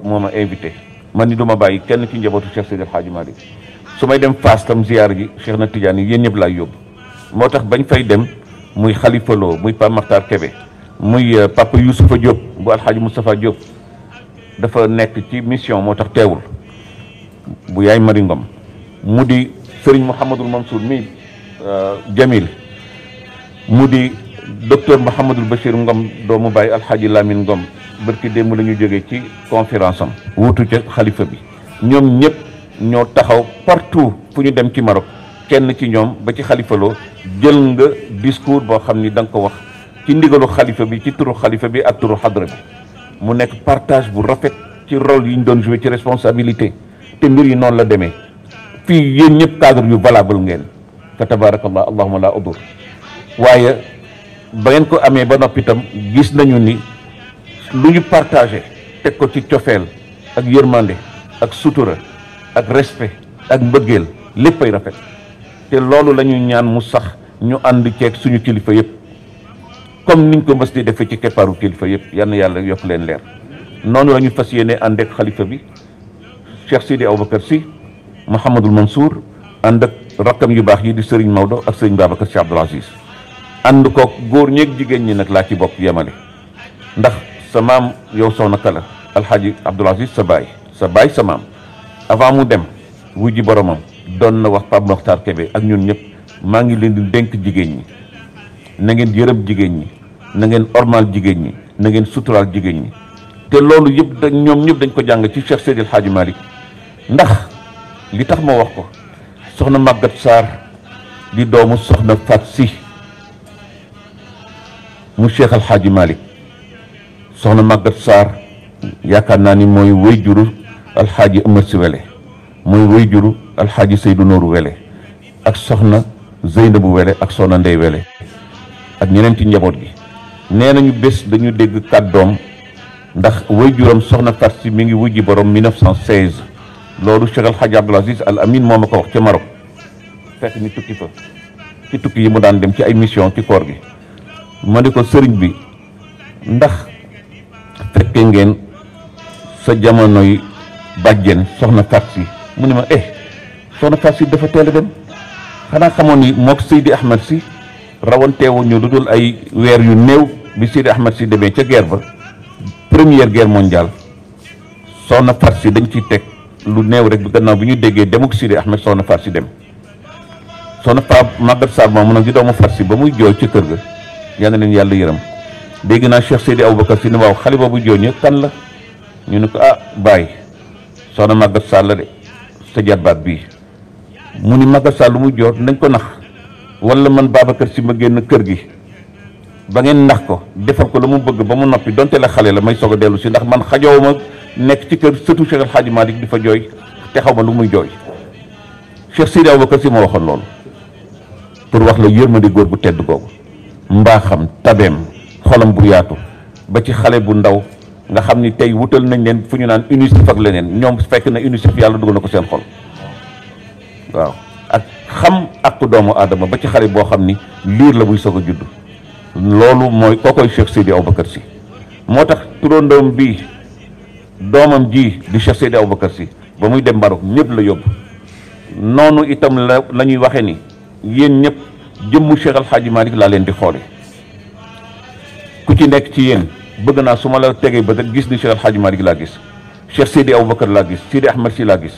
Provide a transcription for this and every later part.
moo a invité man ni duma bàyyi kenn ci njabootu Cheikh Seydi El Hadji Malick su may dem Fass tam ziyaar ji Cheikh na Tidiane yi yéen ñëpp laay yóbbu moo tax bañ fay dem muy Khalifa muy Pape Makhtar muy euh, Papa Youssoufa Diop bu Alhaji Moustapha Diop dafa nekk ci mission moo tax teewul bu yaay Mari Ngom mu di Serigne Mouhamadul Mansour mi euh, Jamil mu di docteur Mouhamadul Bachir Ngom doomu bàyyi alxaaji Lamine Ngom bërki démb la ñu jógee ci conférence am wutu ca xalifa bi ñoom ñëpp ñoo taxaw partout fu ñu dem ci Maroc kenn ci ñoom ba ci xalifaloo jël nga discours boo xam ni da nga ko wax ci ndigalu xalifa bi ci turu xalifa bi ak turu xadra bi mu nekk partage bu rafet ci rôle yi ñu doon joué ci responsabilité te mbir yi noonu la demee fii yéen ñëpp cadre yu valable ngeen fa tabaarakallah allahuma la udur waaye ba ngeen ko amee ba noppitam gis nañu ni lu ñu partagé teg ko ci cofeel ak yërmande ak sutura ak respe ak mbëggeel léppay rafet te loolu lañuy ñaan mu sax ñu ànd ceeg suñu kilifa yëpp comme niñ ko mës di defee ci keppaaru kilifa yëpp yal na yàlla yokk leen leer noonu la ñu fas yéene ànd ak xalifa bi Cheikh Sidi Aboubacar Sy Mouhamadul Mansour ànd ak rakkam yu baax yi di Serigne Maodo ak Serigne Babacar Sy Abdoul Aziz ànd koog góor ñeeg jigéen ñi nag laa ci bopp yemale ndax sa maam yow soo naka la alxaaji Abdul Aziz sa baay sa baay sa maam avant mu dem wuy ji boromam doon na wax Pape Mokhtar Kébé ak ñun ñëpp maa ngi leen di dénk jigéen ñi na ngeen yërëm jigéen ñi na ngeen ormal jigéen ñi na ngeen suturaal jigéen ñi te loolu yëpp dañ ñoom ñëpp dañ ko jàng ci Cheikh Seydil Hadji Malick ndax li tax ma wax ko soxna Maguette Sarr di doomu soxna Fat Si mu Cheikh Al Hadj Malick soxna Maguette Sarr yaakaar naa ni mooy wéy juru Al Hadj Amar Si Wele mooy wéy juru Al Hadj Seydou Wele ak soxna Zeynabu Wele ak soxna Ndey Wele ak ñeneen ci njaboot gi nee nañu bés dañu dégg kàddoom ndax wéy juram soxna Fatou Si mi ngi wujji borom 1916 loolu Cheikh Al Hadj Abdoul Aziz Al Amin moom ma ko wax ca Maroc fekk ñu tukki fa ci tukki yi mu daan dem ci ay mission ci koor gi ma di bi ndax fekke ngeen sa jamonoy bàjjen soxna fat munima eh soxna fat si dafa teel a dem xanaa xamoon ni mook Seydi Ahmed si rawanteewuñu lu dul ay weer yu néew bi Seydi Ahmed si demee ca guerre ba première guerre mondiale soxna fat si dañ ciy teg lu néew rek bi gannaaw bi ñu déggee demuk Seydi Ahmed soxna dem soxna fa màggat Sarr moom mu nag doomu fat ba muy jooy ci kër ga yal na yàlla yërëm dégg naa Cheikh Seydi Aboubacar si ne waaw xale boobu jooñe kan la ñu ne ko ah Baye soxna Maguette Sall de sa jarbaat bii mu ni Maguette lu mu joot nañ ko nax wala man Babacar si ma génn kër gi ba ngeen nax ko defal ko la mu bëgg ba mu noppi donte a xale la may soog a dellu si ndax man xajoo ma nekk ci kër surtout Cheikh El Hadji di fa jooy te xaw ma lu muy jooy Cheikh ba Aboubacar si ma waxoon loolu pour wax la yërmande góor bu tedd googu. mbaaxam tabeem xolam bu yaatu ba ci xale bu ndaw nga xam ni tey wutal nañ leen fu ñu naan UNICEF ak leneen ñoom fekk na UNICEF yàlla dugal na ko seen xol waaw ak xam ak doomu aadama ba ci xale boo xam ni liir la buy soog judd loolu mooy kookoy Cheikh Seydi Aboubacar Sy moo tax turandoom bii ji di Cheikh Seydi Aboubacar Sy ba muy dem Maroc ñëpp la yóbbu noonu itam la la ñuy waxe ni yéen ñëpp jëmmu Cheikh Al Hadj laa leen di xoole ku ci nekk ci yéen bëgg naa su ma la tegee ba gis ni Cheikh Al Hadj laa gis Cheikh Seydi Aboubacar laa gis Seydi Ahmed si laa gis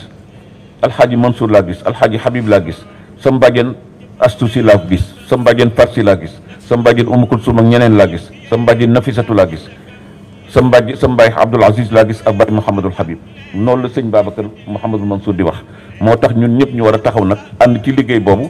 Al Hadj Mansour laa gis Al Hadj Habib laa gis sa mbàjjen Astu si laa gis sa mbàjjen Farsi laa gis sa mbàjjen Umu Kulsum ñeneen laa gis sa mbàjjen Nafisatu laa gis sa mbàjj sa mbàyyi Abdoul Aziz laa gis ak bàyyi Mouhamadul Habib noonu la sëñ Babacar Mouhamadul Mansour di wax moo tax ñun ñëpp ñu war a taxaw nag ànd ci liggéey boobu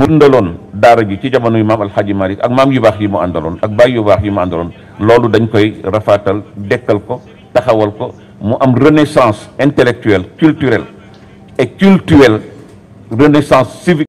wundaloon daara ji ci jamono yi maam alxaaji Malick ak maam yu baax yi mu àndaloon ak baay yu baax yi mu àndaloon loolu dañ koy rafaatal dekkal ko taxawal ko mu am renaissance intellectuelle culturelle et culturelle renaissance civique